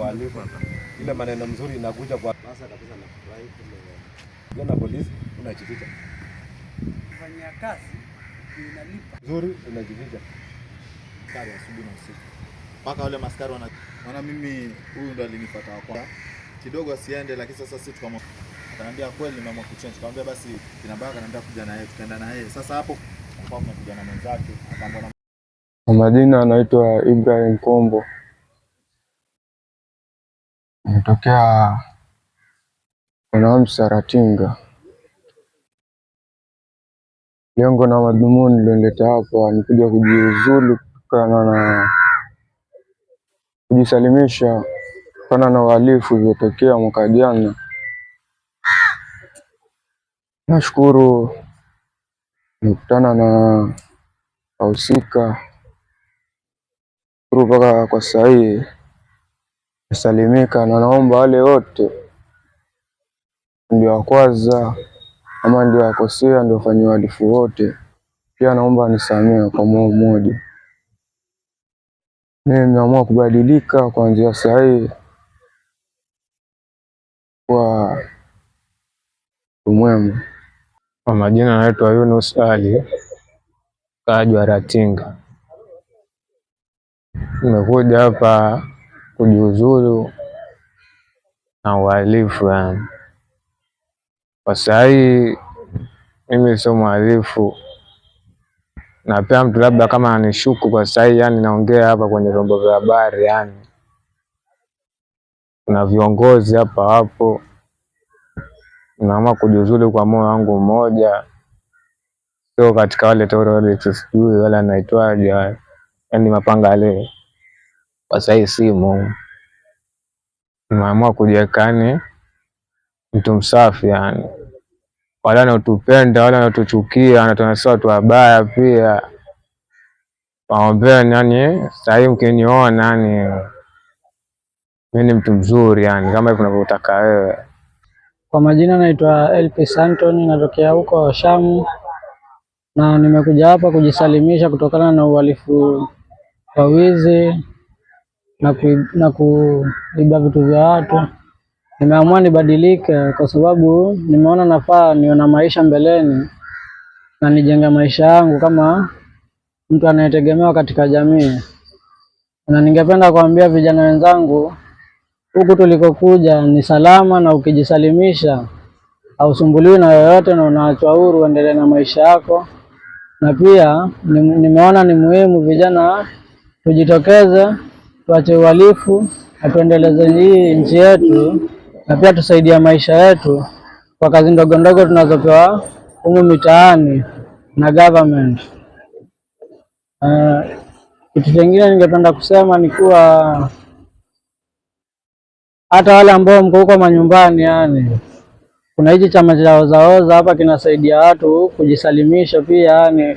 walimu ile maneno mzuri inakuja kwa sasa kabisa. Nafurahi kijana polisi, unajificha kufanya kazi inalipa nzuri, unajificha kari asubuhi na usiku mpaka wale maskari wana wana. Mimi huyu ndo alinifuata wa kwanza kidogo asiende, lakini sasa sisi tukama kanaambia kweli, naomba kuchange. Kaambia basi, kinabaka kanaambia kuja na yeye, tukaenda na yeye. Sasa hapo kwa kuja na mwenzake akaambia kwa majina anaitwa Ibrahim Kombo, natokea Mwanamsa Ratinga. Lengo na madhumuni nililoleta hapa ni kuja kujiuzulu kutokana na kujisalimisha kutokana na uhalifu uliotokea mwaka jana. Nashukuru nimekutana na wahusika tunashukuru mpaka kwa saa hii na naomba wale wote ndio wakwaza ama ndio wakosea ndio wafanywa uhalifu wote, pia naomba nisamehe kwa moyo mmoja. Mimi nimeamua kubadilika kuanzia saa hii kwa umwema. Kwa majina anaitwa Yunus Ali, kaaji Ratinga. Tumekuja hapa kujiuzulu na uhalifu yani. Kwa saa hii mimi sio mhalifu, na pia mtu labda kama anishuku kwa saa hii, yani naongea hapa kwenye vyombo vya habari yani, kuna viongozi hapa wapo, naamua kujiuzulu kwa moyo wangu mmoja, sio katika wale terrorist sijui wala naitwaje, yani mapanga leo kwa sahii simu tumeamua kujiwekani mtu msafi, yani wala wanaotupenda wala wanaotuchukia na watu tu wabaya pia waombeni. nani. sahii mkiniona, nani, mi ni mtu mzuri, yani kama hivyo unavyotaka wewe. Kwa majina naitwa LP Santoni, natokea huko Shamu na nimekuja hapa kujisalimisha kutokana na uhalifu wa wizi na kuiba vitu vya watu. Nimeamua nibadilike kwa sababu nimeona nafaa niona maisha mbeleni na nijenge maisha yangu kama mtu anayetegemewa katika jamii, na ningependa kuambia vijana wenzangu huku tulikokuja ni salama, na ukijisalimisha hausumbuliwi na yoyote, na unaachwa huru uendelee na maisha yako. Na pia nimeona ni muhimu vijana tujitokeze tuache uhalifu na tuendeleze hii nchi yetu, na pia tusaidia maisha yetu kwa kazi ndogo ndogo tunazopewa humu mitaani na government. Uh, kitu kingine ningependa kusema ni kuwa hata wale ambao mko huko manyumbani, yani kuna hichi chama cha ozaoza hapa kinasaidia watu kujisalimisha pia yani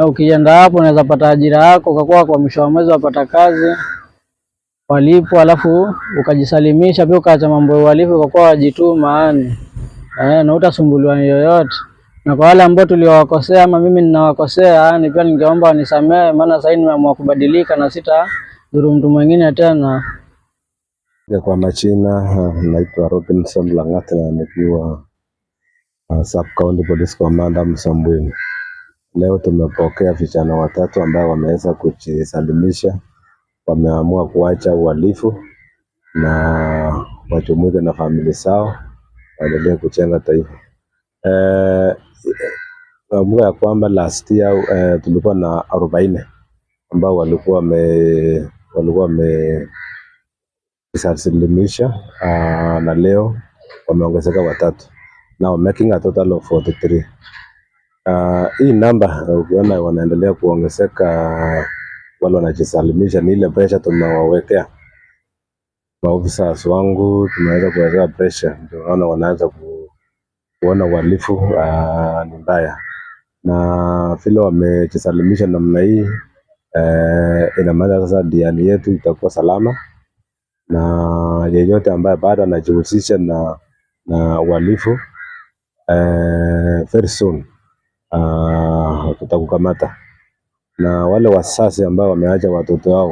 Ukienda hapo unaweza pata ajira yako, ukakuwa kwa mwisho wa mwezi wapata kazi walipo, alafu ukajisalimisha pia, ukaacha mambo ya uhalifu, ukakuwa wajituma yani eh, na utasumbuliwa yoyote. Na kwa wale ambao tuliowakosea ama mimi ninawakosea, yani pia ningeomba wanisamehe, maana sasa nimeamua kubadilika na sita dhuru mtu mwingine tena. Kwa machina eh, naitwa Robinson Lang'at na nikiwa uh, Sub County Police Commander Msambweni. Leo tumepokea vijana watatu ambao wameweza kujisalimisha. Wameamua kuacha uhalifu na wajumuike na familia zao waendelee kujenga taifa. Nakumbuka eh, ya kwamba last year eh, tulikuwa na arobaini ambao walikuwa wame walikuwa wamejisalimisha ah, na leo wameongezeka watatu. Now making a total of 43. Uh, hii namba ukiona wanaendelea kuongezeka wale wanajisalimisha, ni ile pressure tunawawekea maofisa wangu, tunaweza pressure, ndio tunaona wanaanza ku, kuona uhalifu uh, ni mbaya, na vile wamejisalimisha namna hii uh, eh, ina maana sasa diani yetu itakuwa salama, na yeyote ambaye bado anajihusisha na na uhalifu uh, very soon Ah, tutakukamata. Na wale wasasi ambao wameacha watoto wao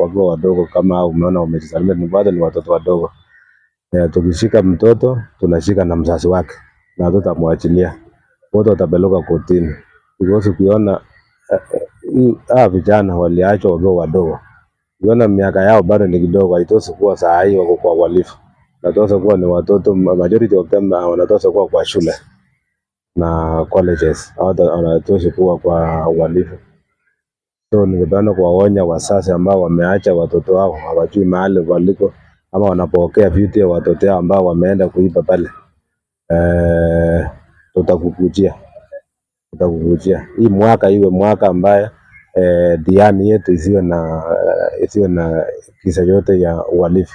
wakiwa wadogo, kama au umeona wamesalia, ni bado ni watoto wadogo. Tukishika mtoto tunashika na mzazi wake na hatutamwachilia, wote watapelekwa kotini. Ukiona eh, eh, hawa vijana waliachwa wakiwa wadogo, ukiona miaka yao bado ni kidogo, haitosi kuwa saa hii wako kwa uhalifu, natosa kuwa ni watoto majority of them, ah, wanatosa kuwa kwa shule na colleges hawatoshi kuwa kwa uhalifu. So ningependa kuwaonya wazazi ambao wameacha watoto wao hawajui mahali waliko ama wanapokea vitu ya watoto wao ambao wameenda kuiba pale. Eh, tutakukujia tutakukujia. Hii mwaka iwe mwaka ambaye eh, diani yetu isiwe na isiwe na kisa yote ya uhalifu.